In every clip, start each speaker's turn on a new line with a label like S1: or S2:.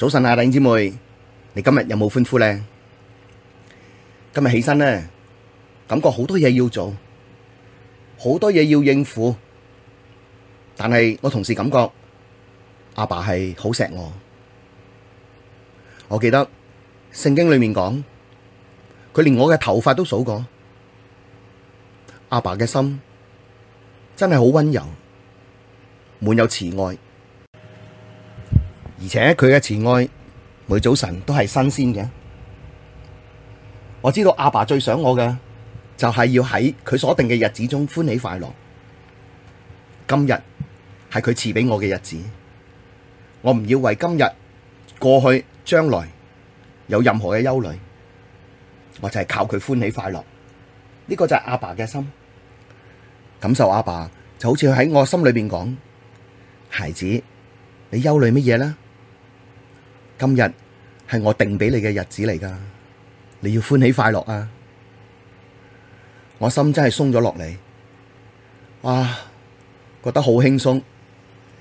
S1: 早晨啊，弟兄姊妹，你今日有冇歡呼咧？今日起身咧，感覺好多嘢要做，好多嘢要應付，但係我同時感覺阿爸係好錫我。我記得聖經裏面講，佢連我嘅頭髮都數過。阿爸嘅心真係好溫柔，滿有慈愛。而且佢嘅慈愛每早晨都係新鮮嘅。我知道阿爸最想我嘅就係要喺佢所定嘅日子中歡喜快樂。今日係佢賜畀我嘅日子，我唔要為今日過去將來有任何嘅憂慮，我就係靠佢歡喜快樂。呢個就係阿爸嘅心，感受阿爸就好似佢喺我心裏面講：孩子，你憂慮乜嘢呢？今日係我定俾你嘅日子嚟噶，你要歡喜快樂啊！我心真係鬆咗落嚟。哇，覺得好輕鬆，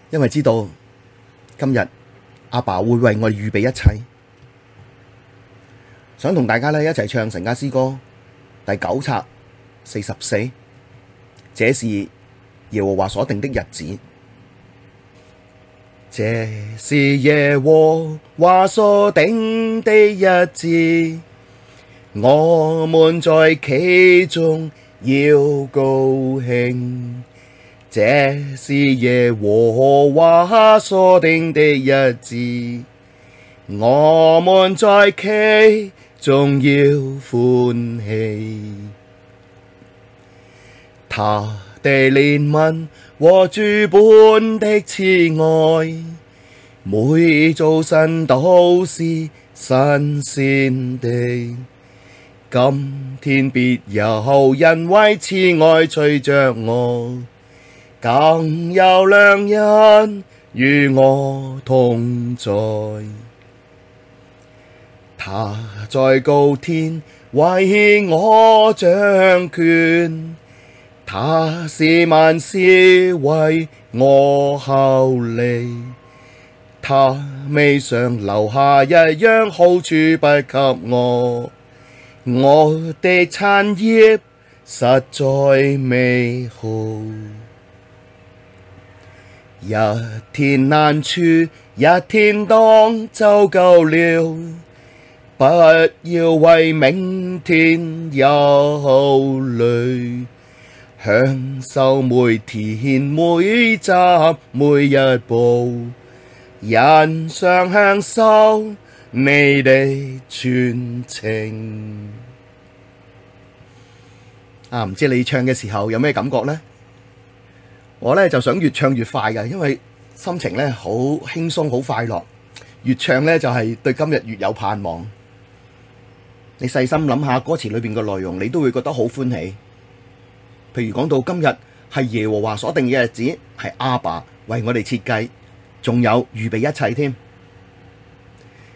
S1: 因為知道今日阿爸，爸會為我預備一切。想同大家咧一齊唱《神家詩歌》第九冊四十四，這是
S2: 耶和華所定的日子。這是耶和華所定的日子，我們在其中要高興。這是耶和華所定的日子，我們在其中要歡喜。他。祂的憐憫和諸般的慈愛，每早晨都是新鮮的。今天必有恩惠慈愛隨着我，更有良人與我同在。他在高天為我掌權。他使萬事為我效力，他未嘗留下一樣好處不給我，我的產業實在美好，一天難處一天當，就夠了，不要為明天憂慮。享受每天每站每一步，欣賞、享受你全路程。啊，唔知你唱嘅時候有咩感覺呢？
S1: 我呢就想越唱越快嘅，因為心情呢好輕鬆，好快樂。越唱呢，就係、是、對今日越有盼望。你細心諗下歌詞裏面嘅內容，你都會覺得好歡喜。譬如講到今日係耶和華所定嘅日子，係阿爸為我哋設計，仲有預備一切添。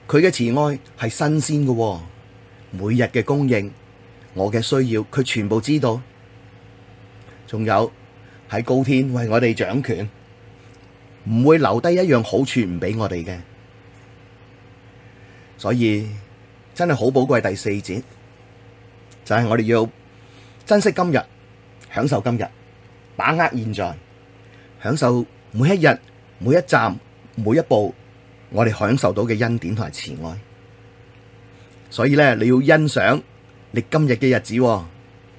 S1: 佢嘅慈愛係新鮮嘅，每日嘅供應，我嘅需要，佢全部知道。仲有喺高天為我哋掌權，唔會留低一樣好處唔俾我哋嘅。所以真係好寶貴。第四節，就係我哋要珍惜今日。享受今日，把握現在，享受每一日、每一站、每一步，我哋享受到嘅恩典同埋慈愛。所以咧，你要欣賞你今日嘅日子，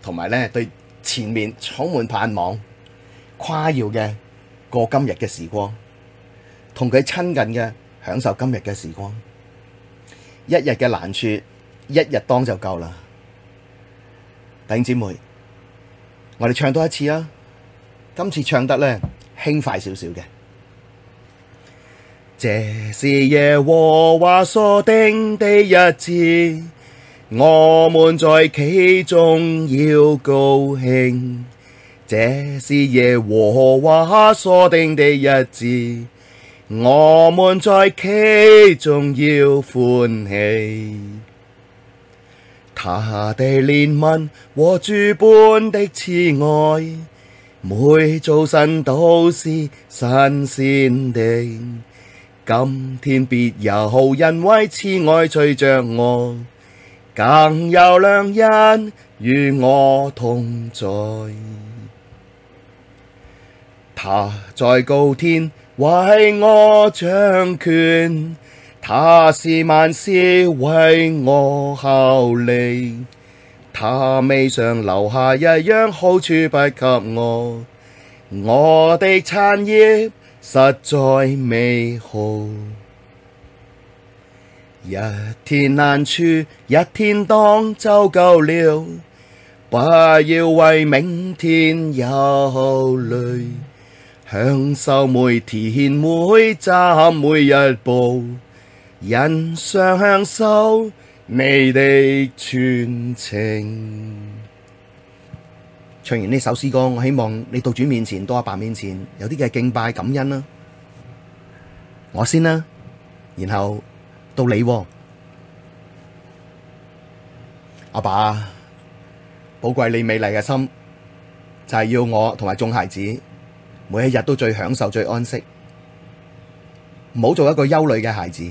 S1: 同埋咧對前面充滿盼望、誇耀嘅過今日嘅時光，同佢親近嘅享受今日嘅時光。一日嘅難處，一日當就夠啦，弟兄姊妹。我哋唱多一次啊！今
S2: 次唱得咧輕快少少嘅。這是耶和華所定的日子，我們在其中要高興。這是耶和華所定的日子，我們在其中要歡喜。他的憐憫和諸般的慈愛，每早晨都是新鮮的。今天必有恩惠慈愛隨著我，更有良人與我同在。他在高天為我掌權。他使萬事為我效力，他未嘗留下一樣好處不給我，我的產業實在美好。一天難處，一天當就夠了，不要為明天憂慮，享受每天每站每一步。欣賞享受你的全路程，唱完呢首詩歌，我希望你到主面前，
S1: 到阿爸面前有啲嘅敬拜感恩啦。我先啦，然後到你啊。阿爸，寶貴你美麗嘅心，就係要我同埋眾孩子每一日都最享受最安息，唔好做一個憂慮嘅孩子。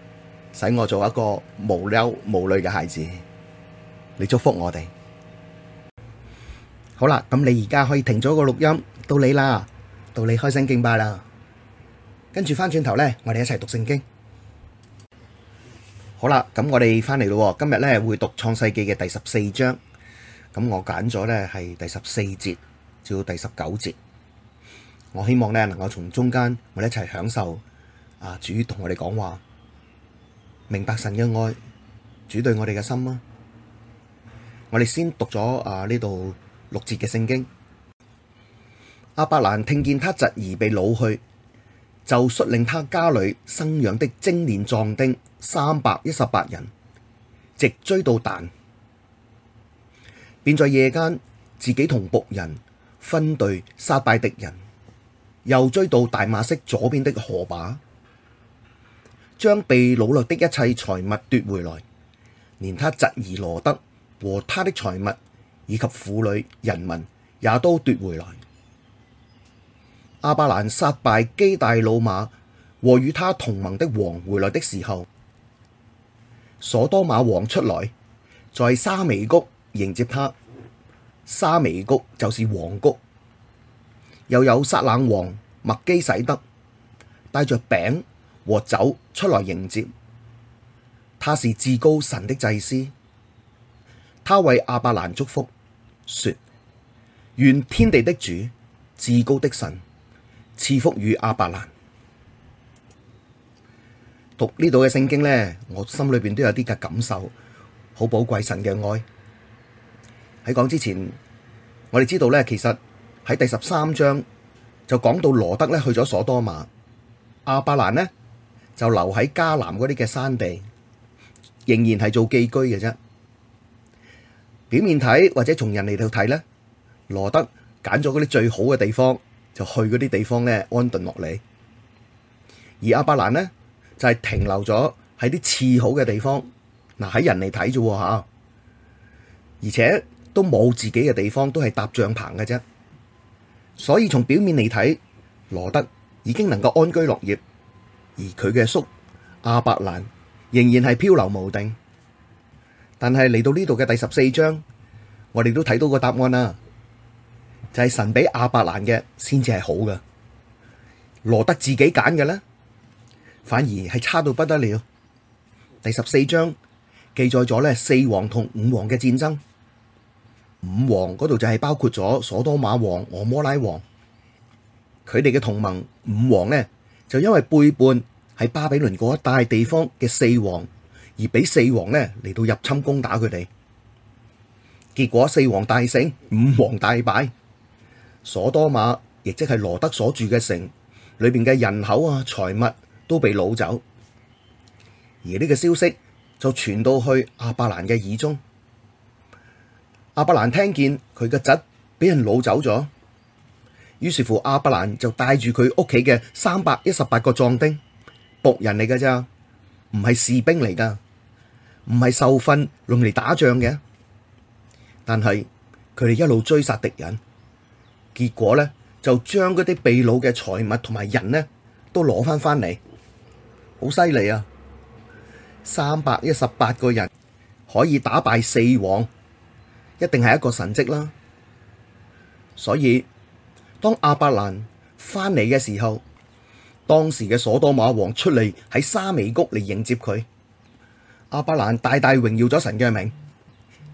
S1: 使我做一個無憂無慮嘅孩子，你祝福我哋。好啦，咁你而家可以停咗個錄音，到你啦，到你開聲敬拜啦。跟住翻轉頭咧，我哋一齊讀聖經。好啦，咁我哋翻嚟咯。今日咧會讀創世記嘅第十四章，咁我揀咗咧係第十四節至第十九節。我希望咧能夠從中間，我哋一齊享受啊，主同我哋講話。明白神嘅愛，主對我哋嘅心啊！我哋先讀咗啊呢度六節嘅聖經。亞伯、啊、蘭聽見他侄兒被擄去，就率領他家裡生養的精練壯丁三百一十八人，直追到但，便在夜間自己同僕人分隊殺敗敵人，又追到大馬色左邊的何把。將被擄掠的一切財物奪回來，連他侄兒羅得和他的財物，以及婦女人民也都奪回來。亞伯蘭殺敗基大老瑪和與他同盟的王回來的時候，所多瑪王出來，在沙微谷迎接他。沙微谷就是王谷，又有撒冷王麥基洗德帶着餅和酒出來迎接，他是至高神的祭司，他為亞伯蘭祝福，說：願天地的主，至高的神賜福與亞伯蘭。讀呢度嘅聖經呢，我心裏邊都有啲嘅感受，好寶貴神嘅愛。喺講之前，我哋知道呢，其實喺第十三章就講到羅得咧去咗所多瑪，亞伯蘭呢。就留喺迦南嗰啲嘅山地，仍然係做寄居嘅啫。表面睇或者從人哋度睇咧，羅德揀咗嗰啲最好嘅地方，就去嗰啲地方咧安頓落嚟。而亞伯蘭呢，就係停留咗喺啲次好嘅地方，嗱喺人嚟睇啫吓，而且都冇自己嘅地方，都係搭帳篷嘅啫。所以從表面嚟睇，羅德已經能夠安居樂業。而佢嘅叔亞伯蘭仍然係漂流無定，但係嚟到呢度嘅第十四章，我哋都睇到個答案啦，就係、是、神俾亞伯蘭嘅先至係好噶，羅得自己揀嘅咧，反而係差到不得了。第十四章記載咗咧四王同五王嘅戰爭，五王嗰度就係包括咗所多瑪王、俄摩拉王，佢哋嘅同盟五王呢。就因為背叛，喺巴比倫嗰一帶地方嘅四王，而俾四王呢，嚟到入侵攻打佢哋，結果四王大勝，五王大敗，所多瑪，亦即係羅得所住嘅城，裏邊嘅人口啊、財物都被擄走，而呢個消息就傳到去亞伯蘭嘅耳中，亞伯蘭聽見佢嘅侄俾人擄走咗。於是乎，亞伯蘭就帶住佢屋企嘅三百一十八個壯丁，僕人嚟嘅咋，唔係士兵嚟噶，唔係受訓用嚟打仗嘅。但係佢哋一路追殺敵人，結果呢就將嗰啲被擄嘅財物同埋人呢都攞翻翻嚟，好犀利啊！三百一十八個人可以打敗四王，一定係一個神蹟啦。所以。當亞伯蘭返嚟嘅時候，當時嘅所多瑪王出嚟喺沙微谷嚟迎接佢。亞伯蘭大大榮耀咗神嘅名。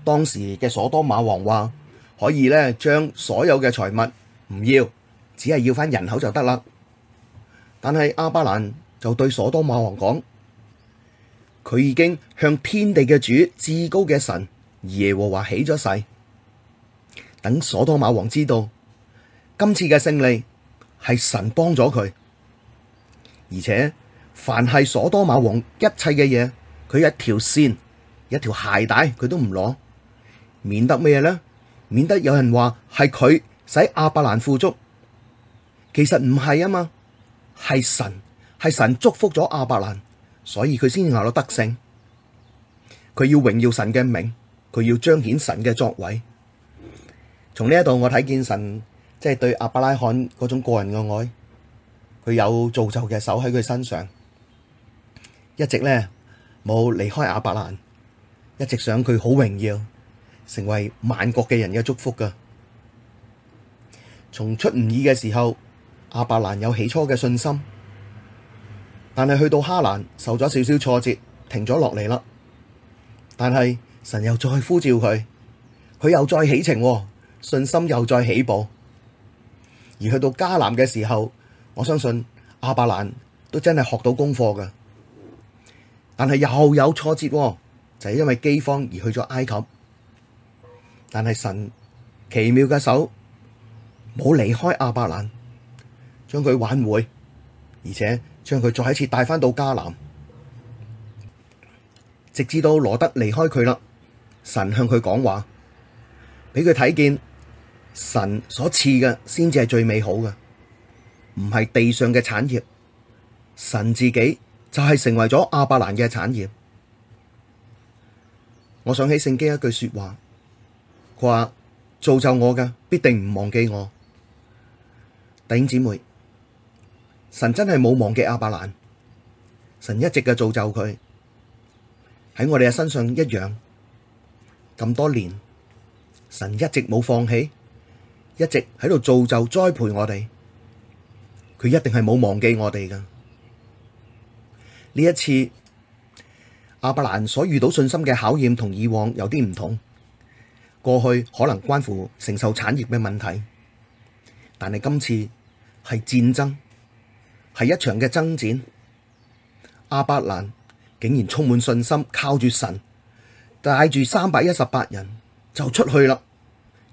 S1: 當時嘅所多瑪王話：可以咧，將所有嘅財物唔要，只係要翻人口就得啦。但係亞伯蘭就對所多瑪王講：佢已經向天地嘅主、至高嘅神耶和華起咗誓。等所多瑪王知道。今次嘅勝利係神幫咗佢，而且凡係所多瑪王一切嘅嘢，佢一條線一條鞋帶佢都唔攞，免得咩呢？免得有人話係佢使亞伯蘭富足，其實唔係啊嘛，係神，係神祝福咗亞伯蘭，所以佢先至能拿到得勝。佢要榮耀神嘅名，佢要彰顯神嘅作為。從呢一度我睇見神。即係對亞伯拉罕嗰種個人嘅愛，佢有造就嘅手喺佢身上，一直呢冇離開亞伯蘭，一直想佢好榮耀，成為萬國嘅人嘅祝福噶。從出吾珥嘅時候，亞伯蘭有起初嘅信心，但係去到哈蘭受咗少少挫折，停咗落嚟啦。但係神又再呼召佢，佢又再起程，信心又再起步。而去到迦南嘅時候，我相信亞伯蘭都真係學到功課嘅，但係又有挫折，就係因為饑荒而去咗埃及。但係神奇妙嘅手冇離開亞伯蘭，將佢挽回，而且將佢再一次帶返到迦南，直至到羅得離開佢啦。神向佢講話，俾佢睇見。神所賜嘅先至係最美好嘅，唔係地上嘅產業。神自己就係成為咗亞伯蘭嘅產業。我想起聖經一句說話，佢話造就我嘅必定唔忘記我。弟兄姊妹，神真係冇忘記亞伯蘭，神一直嘅造就佢喺我哋嘅身上一樣，咁多年，神一直冇放棄。一直喺度造就栽培我哋，佢一定係冇忘記我哋噶。呢一次，亞伯蘭所遇到信心嘅考驗同以往有啲唔同。過去可能關乎承受產業嘅問題，但係今次係戰爭，係一場嘅爭戰。亞伯蘭竟然充滿信心靠，靠住神帶住三百一十八人就出去啦，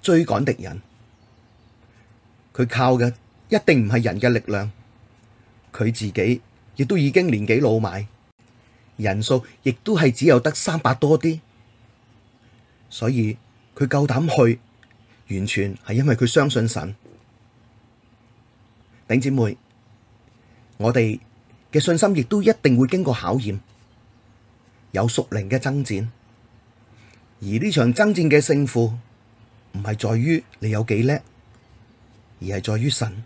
S1: 追趕敵人。佢靠嘅一定唔係人嘅力量，佢自己亦都已經年紀老邁，人數亦都係只有得三百多啲，所以佢夠膽去，完全係因為佢相信神。頂姐妹，我哋嘅信心亦都一定會經過考驗，有屬靈嘅爭戰，而呢場爭戰嘅勝負唔係在於你有幾叻。而係在於神，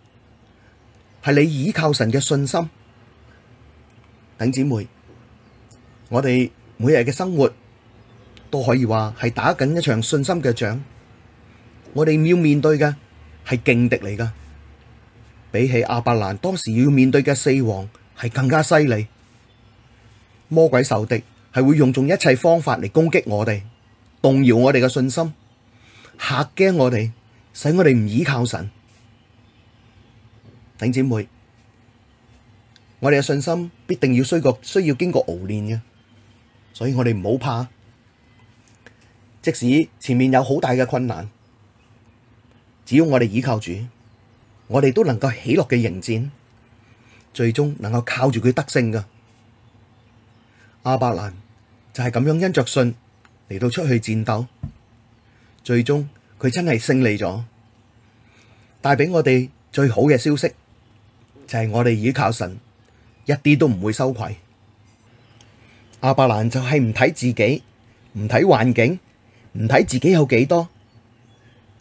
S1: 係你倚靠神嘅信心。等姐妹，我哋每日嘅生活都可以話係打緊一場信心嘅仗。我哋要面對嘅係勁敵嚟噶，比起亞伯蘭當時要面對嘅四王係更加犀利。魔鬼受敵係會用盡一切方法嚟攻擊我哋，動搖我哋嘅信心，嚇驚我哋，使我哋唔倚靠神。弟兄姊妹，我哋嘅信心必定要需過，需要經過熬練嘅，所以我哋唔好怕。即使前面有好大嘅困難，只要我哋倚靠主，我哋都能夠喜樂嘅迎戰，最終能夠靠住佢得勝嘅。亞伯蘭就係咁樣因着信嚟到出去戰鬥，最終佢真係勝利咗，帶俾我哋最好嘅消息。就係我哋倚靠神，一啲都唔會羞愧。亞伯蘭就係唔睇自己，唔睇環境，唔睇自己有幾多，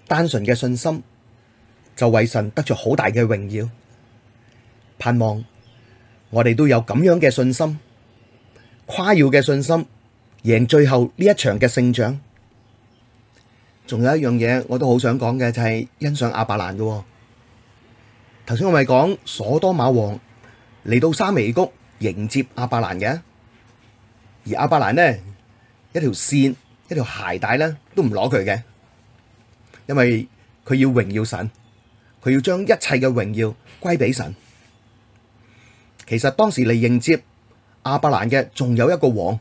S1: 單純嘅信心就為神得咗好大嘅榮耀。盼望我哋都有咁樣嘅信心，誇耀嘅信心，贏最後呢一場嘅勝仗。仲有一樣嘢，我都好想講嘅就係欣賞亞伯蘭嘅。頭先我咪講，所多瑪王嚟到，沙微谷迎接亞伯蘭嘅。而亞伯蘭呢一條線一條鞋帶呢都唔攞佢嘅，因為佢要榮耀神，佢要將一切嘅榮耀歸俾神。其實當時嚟迎接亞伯蘭嘅仲有一個王，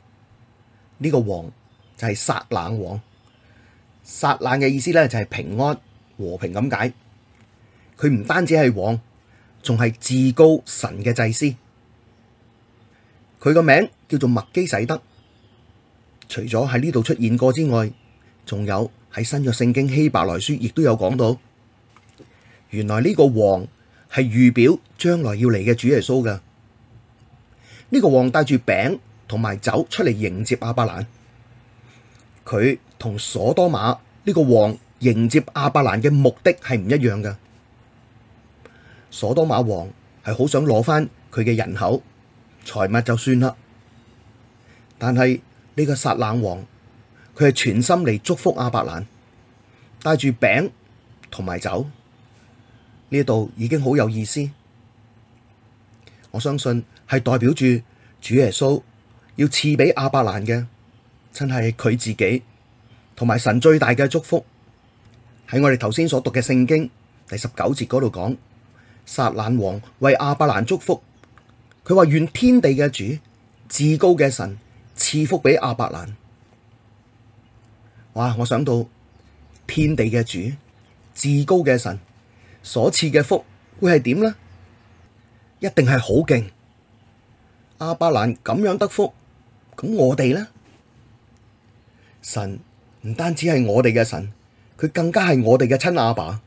S1: 呢、這個王就係撒冷王。撒冷嘅意思呢就係平安、和平咁解。佢唔單止係王，仲係至高神嘅祭司。佢個名叫做麥基洗德。除咗喺呢度出現過之外，仲有喺新約聖經希伯來書亦都有講到。原來呢個王係預表將來要嚟嘅主耶穌㗎。呢、這個王帶住餅同埋酒出嚟迎接亞伯蘭。佢同所多瑪呢個王迎接亞伯蘭嘅目的係唔一樣嘅。所多瑪王係好想攞翻佢嘅人口財物就算啦，但係呢個撒冷王佢係全心嚟祝福亞伯蘭，帶住餅同埋酒，呢度已經好有意思。我相信係代表住主耶穌要賜俾亞伯蘭嘅，真係佢自己同埋神最大嘅祝福，喺我哋頭先所讀嘅聖經第十九節嗰度講。撒冷王為亞伯蘭祝福，佢話願天地嘅主，至高嘅神賜福俾亞伯蘭。哇！我想到天地嘅主，至高嘅神所賜嘅福會係點呢？一定係好勁！亞伯蘭咁樣得福，咁我哋呢？神唔單止係我哋嘅神，佢更加係我哋嘅親阿爸。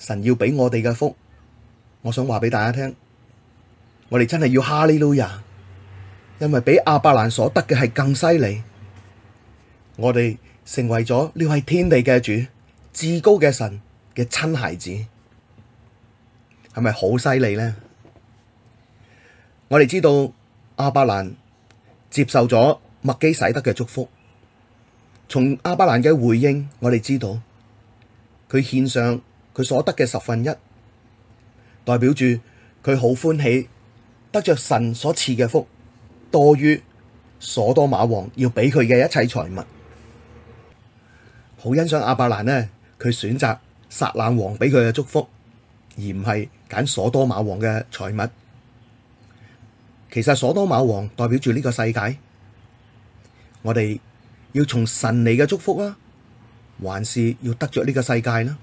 S1: 神要俾我哋嘅福。我想話俾大家聽，我哋真係要哈利路亞，因為比亞伯蘭所得嘅係更犀利。我哋成為咗呢位天地嘅主、至高嘅神嘅親孩子，係咪好犀利呢？我哋知道亞伯蘭接受咗麥基洗德嘅祝福，從亞伯蘭嘅回應，我哋知道佢獻上佢所得嘅十分一。代表住佢好歡喜得着神所賜嘅福，多於所多瑪王要俾佢嘅一切財物。好欣賞亞伯蘭呢，佢選擇撒冷王俾佢嘅祝福，而唔係揀所多瑪王嘅財物。其實所多瑪王代表住呢個世界，我哋要從神嚟嘅祝福啦，啊，還是要得着呢個世界呢？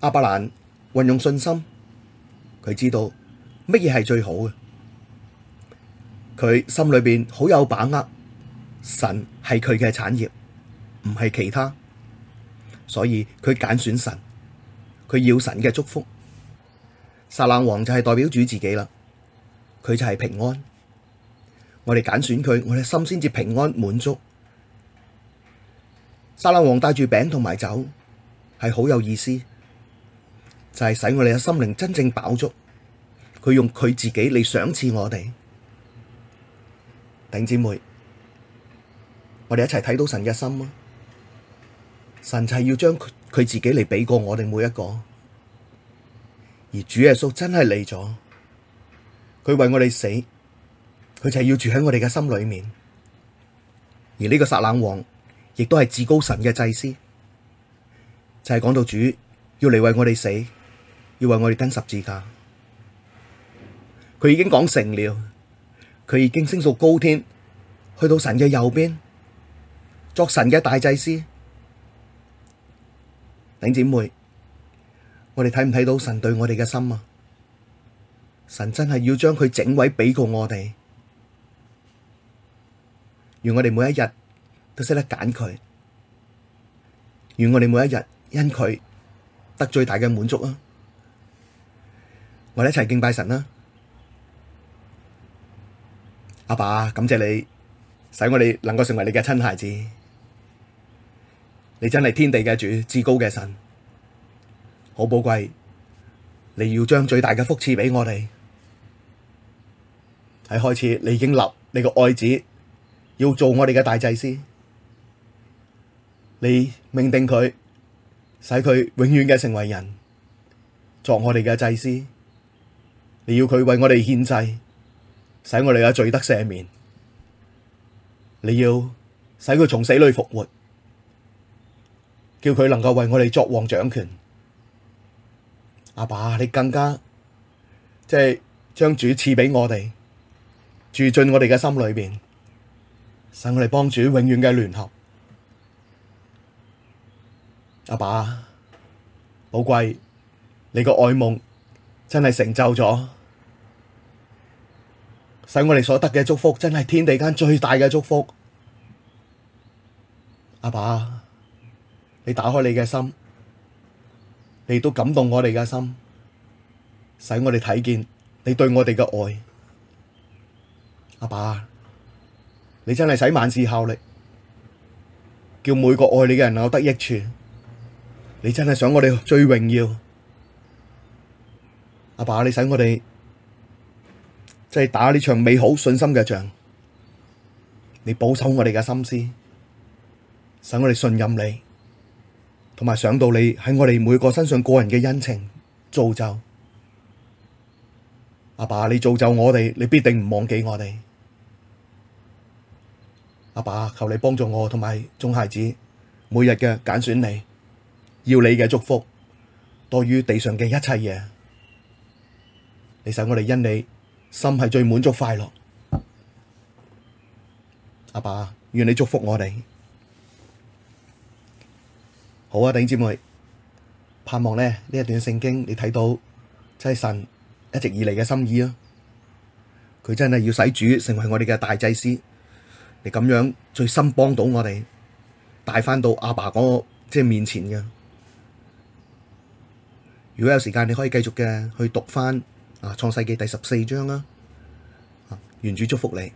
S1: 亞伯蘭。運用信心，佢知道乜嘢係最好嘅，佢心裏邊好有把握。神係佢嘅產業，唔係其他，所以佢揀選神，佢要神嘅祝福。撒冷王就係代表主自己啦，佢就係平安。我哋揀選佢，我哋心先至平安滿足。撒冷王帶住餅同埋酒，係好有意思。就係使我哋嘅心靈真正飽足，佢用佢自己嚟賞賜我哋，弟兄姊妹，我哋一齊睇到神嘅心啦。神就係要將佢自己嚟俾過我哋每一個，而主耶穌真係嚟咗，佢為我哋死，佢就係要住喺我哋嘅心裏面，而呢個撒冷王亦都係至高神嘅祭司，就係講到主要嚟為我哋死。要為我哋登十字架，佢已經講成了，佢已經升到高天，去到神嘅右邊，作神嘅大祭司。弟兄姊妹，我哋睇唔睇到神對我哋嘅心啊？神真係要將佢整位俾過我哋，願我哋每一日都識得揀佢，願我哋每一日因佢得最大嘅滿足啊！我哋一齊敬拜神啦！阿爸，爸，感謝你使我哋能夠成為你嘅親孩子。你真係天地嘅主，至高嘅神，好寶貴。你要將最大嘅福賜俾我哋。喺開始，你已經立你個愛子要做我哋嘅大祭司。你命定佢，使佢永遠嘅成為人，作我哋嘅祭司。你要佢為我哋獻祭，使我哋有罪得赦免。你要使佢從死裏復活，叫佢能夠為我哋作王掌權。阿爸，你更加即係將主賜俾我哋，住進我哋嘅心裏邊，使我哋幫主永遠嘅聯合。阿爸，寶貴你個愛夢。真係成就咗，使我哋所得嘅祝福，真係天地間最大嘅祝福。阿爸，你打開你嘅心，你都感動我哋嘅心，使我哋睇見你對我哋嘅愛。阿爸，你真係使萬事效力，叫每個愛你嘅人有得益處。你真係想我哋最榮耀。阿爸，你使我哋即係打呢場美好信心嘅仗，你保守我哋嘅心思，使我哋信任你，同埋想到你喺我哋每個身上個人嘅恩情造就。阿爸，你造就我哋，你必定唔忘記我哋。阿爸，求你幫助我同埋眾孩子，每日嘅揀選你，要你嘅祝福，多於地上嘅一切嘢。你使我哋因你心係最滿足快樂，阿爸，爸，願你祝福我哋。好啊，弟兄姊妹，盼望咧呢一段聖經你睇到，真係神一直以嚟嘅心意啊、哦。佢真係要使主成為我哋嘅大祭司，你咁樣最深幫到我哋，帶翻到阿爸嗰即係面前嘅。如果有時間，你可以繼續嘅去讀翻。啊！創世紀第十四章啦，啊，啊！願主祝福你。